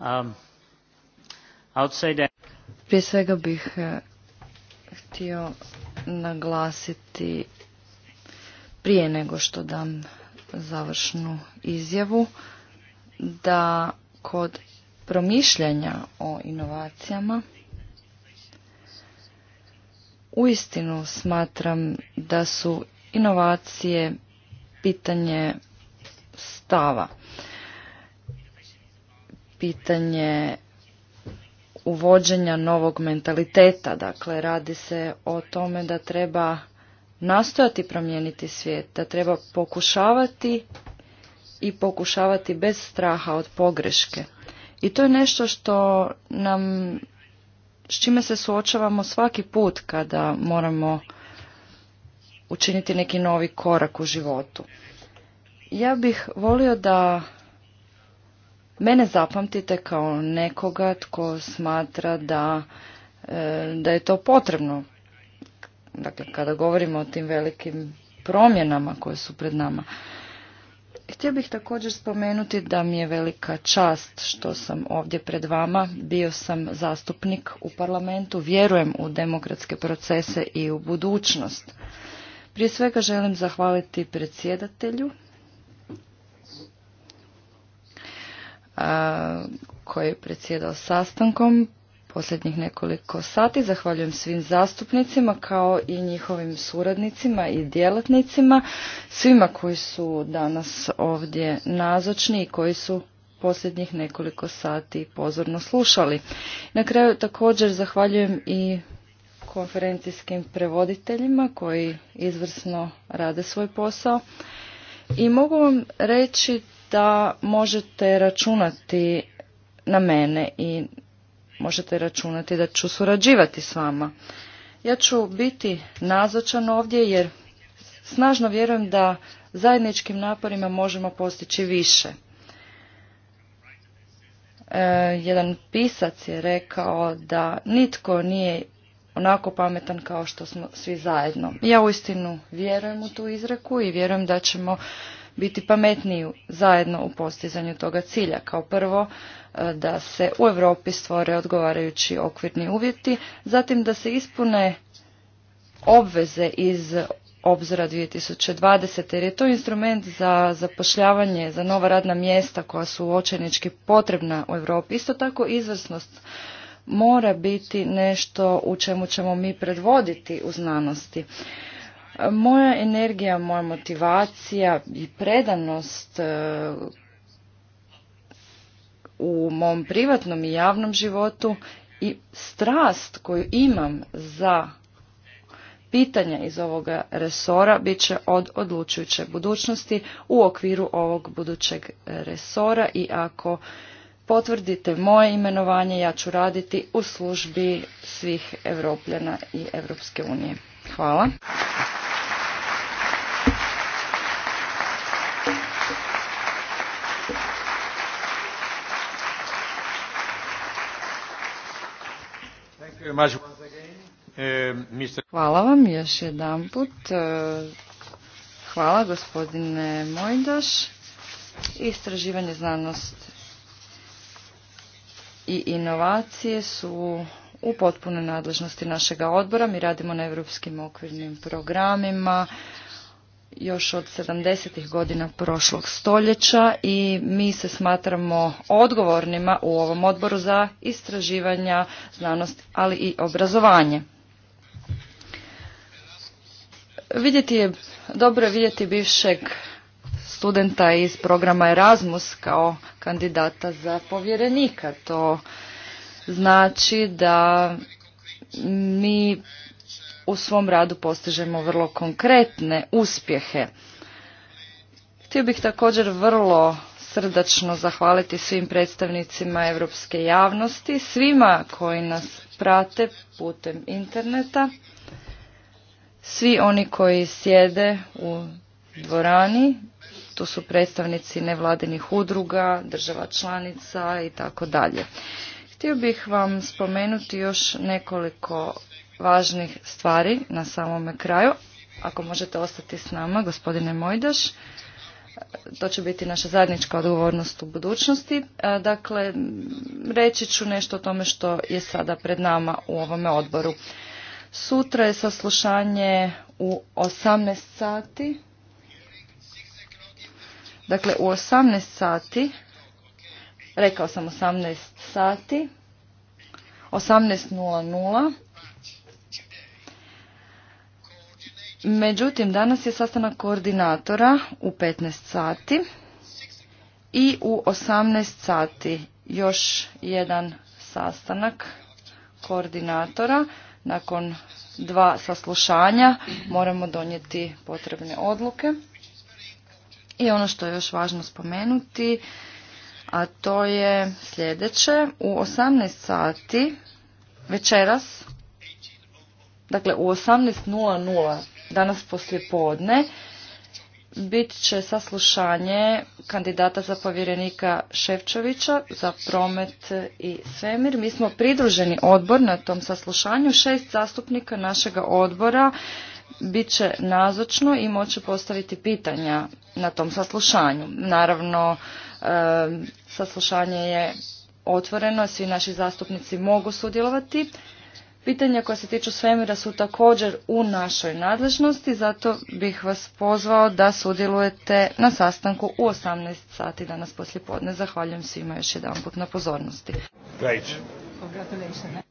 Um, prije svega bih eh, htio naglasiti prije nego što dam završnu izjavu da kod promišljanja o inovacijama uistinu smatram da su inovacije pitanje stava pitanje uvođenja novog mentaliteta. Dakle, radi se o tome da treba nastojati promijeniti svijet, da treba pokušavati i pokušavati bez straha od pogreške. I to je nešto što nam, s čime se suočavamo svaki put kada moramo učiniti neki novi korak u životu. Ja bih volio da Mene zapamtite kao nekoga tko smatra da, e, da je to potrebno. Dakle, kada govorimo o tim velikim promjenama koje su pred nama. Htio bih također spomenuti da mi je velika čast što sam ovdje pred vama. Bio sam zastupnik u parlamentu, vjerujem u demokratske procese i u budućnost. Prije svega želim zahvaliti predsjedatelju koji je predsjedao sastankom posljednjih nekoliko sati. Zahvaljujem svim zastupnicima kao i njihovim suradnicima i djelatnicima, svima koji su danas ovdje nazočni i koji su posljednjih nekoliko sati pozorno slušali. Na kraju također zahvaljujem i konferencijskim prevoditeljima koji izvrsno rade svoj posao i mogu vam reći da možete računati na mene i možete računati da ću surađivati s vama. Ja ću biti nazočan ovdje jer snažno vjerujem da zajedničkim naporima možemo postići više. E, jedan pisac je rekao da nitko nije onako pametan kao što smo svi zajedno. Ja uistinu vjerujem u tu izreku i vjerujem da ćemo biti pametniji zajedno u postizanju toga cilja. Kao prvo e, da se u Europi stvore odgovarajući okvirni uvjeti, zatim da se ispune obveze iz obzora 2020. jer je to instrument za zapošljavanje, za nova radna mjesta koja su očajnički potrebna u Europi. Isto tako izvrsnost mora biti nešto u čemu ćemo mi predvoditi u znanosti. Moja energija, moja motivacija i predanost e, u mom privatnom i javnom životu i strast koju imam za pitanja iz ovoga resora bit će od odlučujuće budućnosti u okviru ovog budućeg resora i ako potvrdite moje imenovanje ja ću raditi u službi svih Evropljana i Evropske unije. Hvala. Uh, hvala vam još jedan put. E, hvala gospodine Mojdaš. Istraživanje znanost i inovacije su u potpunoj nadležnosti našega odbora. Mi radimo na europskim okvirnim programima, još od 70. godina prošlog stoljeća i mi se smatramo odgovornima u ovom odboru za istraživanja, znanost, ali i obrazovanje. Vidjeti je, dobro je vidjeti bivšeg studenta iz programa Erasmus kao kandidata za povjerenika. To znači da mi u svom radu postižemo vrlo konkretne uspjehe. Htio bih također vrlo srdačno zahvaliti svim predstavnicima europske javnosti, svima koji nas prate putem interneta, svi oni koji sjede u dvorani, tu su predstavnici nevladinih udruga, država članica i tako dalje. Htio bih vam spomenuti još nekoliko važnih stvari na samome kraju. Ako možete ostati s nama, gospodine Mojdaš, e, to će biti naša zajednička odgovornost u budućnosti. E, dakle, reći ću nešto o tome što je sada pred nama u ovome odboru. Sutra je saslušanje u 18 sati. Dakle, u 18 sati, rekao sam 18 sati, 18.00, Međutim, danas je sastanak koordinatora u 15 sati i u 18 sati još jedan sastanak koordinatora. Nakon dva saslušanja moramo donijeti potrebne odluke. I ono što je još važno spomenuti, a to je sljedeće. U 18 sati večeras, dakle u 18.00 danas poslije podne bit će saslušanje kandidata za povjerenika Ševčovića za promet i svemir. Mi smo pridruženi odbor na tom saslušanju. Šest zastupnika našega odbora bit će nazočno i moće postaviti pitanja na tom saslušanju. Naravno, saslušanje je otvoreno, svi naši zastupnici mogu sudjelovati. Pitanja koja se tiču svemira su također u našoj nadležnosti, zato bih vas pozvao da sudjelujete na sastanku u 18 sati danas poslje podne. Zahvaljujem svima još jedanput na pozornosti. Great.